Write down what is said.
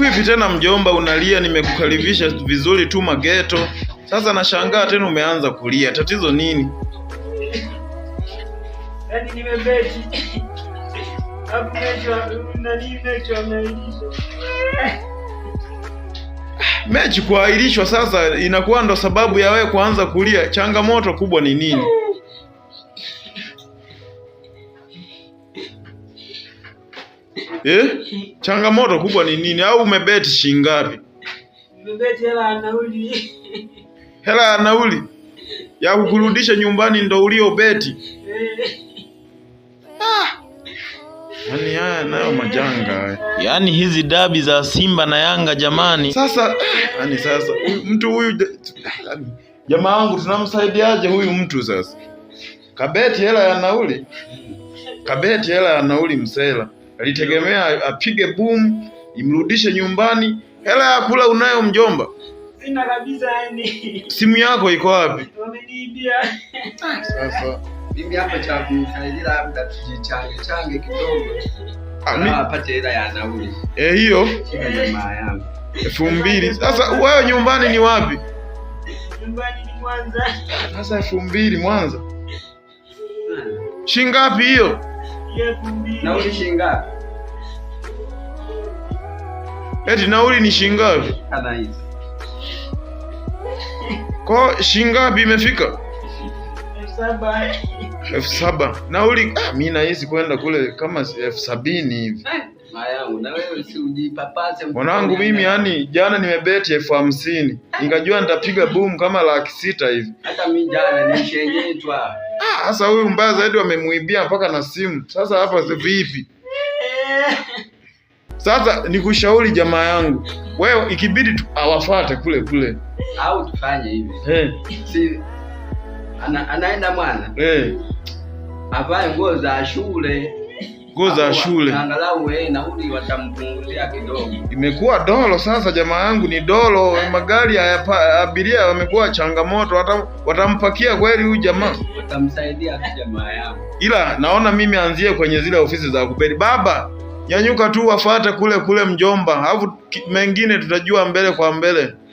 Vipi tena mjomba, unalia? Nimekukaribisha vizuri tu Mageto, sasa nashangaa tena umeanza kulia. Tatizo nini? Yaani mechi kuahirishwa, sasa inakuwa ndo sababu ya wewe kuanza kulia. Changamoto kubwa ni nini? Eh? Changamoto kubwa ni nini? Au umebeti shilingi ngapi? hela ya nauli. Hela ya nauli ya kukurudisha nyumbani ndo beti. Eh. Ah. Yaani haya nayo majanga. Yaani hizi dabi za Simba na Yanga jamani. Sasa eh, yaani sasa mtu huyu yaani, jamaa wangu tunamsaidiaje huyu mtu sasa? Kabeti hela ya nauli. Kabeti hela ya nauli msela alitegemea apige boom imrudishe nyumbani. Hela ya kula unayo mjomba? Sina kabisa. Yani simu yako iko wapi? Wameniibia. Sasa mimi hapa cha kumsaidia labda tujichange change kidogo Ami ah, apate hela ya nauli. Eh, hiyo jamaa yangu elfu mbili. Sasa wewe nyumbani ni wapi? Nyumbani ni Mwanza. Sasa elfu mbili Mwanza ah. shilingi ngapi hiyo? Nauli Eti nauli ni shingapi? Kwa shingapi imefika? elfu saba. Elfu saba. Nauli, ah, mimi nahisi kwenda kule kama elfu sabini hivi. Eh. Mwanangu mimi yani, jana nimebeti elfu hamsini nikajua nitapiga boom kama laki sita hivi. Ah, sasa huyu mbaya zaidi wamemuibia mpaka na simu. Sasa hapa vipi? Sasa nikushauri jamaa yangu, wewe ikibidi awafate kule kule au tufanye hivi Si ana, anaenda mwana Avae nguo za shule nguo za shule, imekuwa dolo sasa. Jamaa yangu ni dolo, eh. magari ya abiria wamekuwa changamoto. Hata watampakia kweli huyu jamaa? Watamsaidia jamaa yangu. ila naona mimi anzie kwenye zile ofisi za kuberi. Baba nyanyuka tu, wafate kule kule mjomba, alafu mengine tutajua mbele kwa mbele.